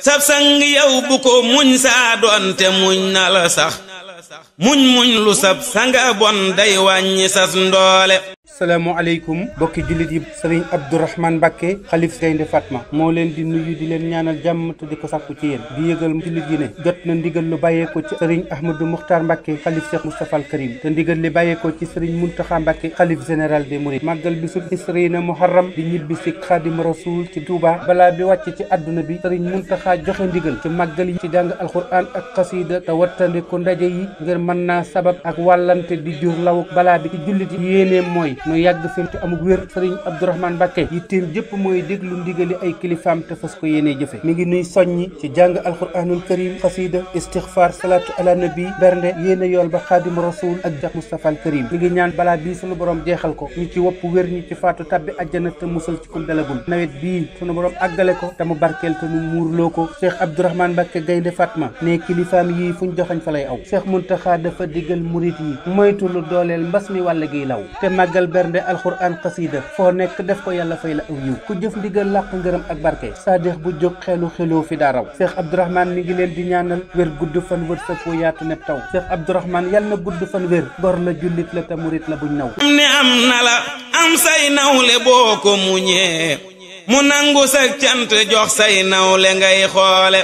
sab sang yow bu ko muñ saa doonte muñ na la sax muñ muñ lu sab sanga bon day wàññi sas ndoole salaamaaleykum bokki jullit yi sëriñ Abdourahmane Mbacke xalif Gaynde Fatma moo leen di nuyu di leen ñaanal jàmm te di ko sàkku ci yéen di yëgal jullit yi ne jot na ndigal lu bàyyeeko ci sëriñ Ahmadou Moukhtar Mbacke xalif Cheikh Moustapha al Karim te ndigal li bàyyeekoo ci sëriñ Mountakha Mbacke xalif général des Mourides màggal bi sub isriina Muharram di ñibbi si Xaadimu Rasuul ci Touba balaa bi wàcc ci àdduna bi sëriñ Mountakha joxe ndigal ci màggal yi ci jàng alxuraan ak xasida te wattandiku ndaje yi ngir mën naa sabab ak wàllante di jur lawuk balaa bi ci jullit yi yéeneem mooy nu yàgg fi te amug wér sëriñ Abdourahmane Mbacke yitteem jëpp mooy déglu ndigali ay kilifaam te fas ko yéene jëfe mi ngi nuy soññi ci jàng alquranul karim xasida istixfar salaatu ala nabi bernde yéene yool ba xaadim rasul ak jax Mustafa al karim mi ngi ñaan balaa bii sunu borom jeexal ko ñu ci wopp wér ñi ci faatu tabbi ajjana te musal ci kum dalagul nawet bii sunu borom àggale ko te mu barkeel te nu muurloo ko Cheikh Abdourahmane Mbacke gaynde Fatma ne kilifaam yii fuñ joxañ fa lay aw Cheikh Muntaxa dafa diggal murit yi moytu lu dooleel mbas mi wàll giy law bernde alxuraan xasiida foo nekk def ko yàlla fay la aw yiw ku jëf ndigal làq ngërëm ak barke saadix bu jóg xelu xeloo fi daa raw seex abdourahman mi ngi leen di ñaanal wér gudd fan wër sëf wu yaatu neb taw seex abdourahman yàlla na gudd fan wér gor la jullit la te murit la buñ naw am ne am na la am say nawle boo ko muñee mu nangu sa cant jox say nawle ngay xoole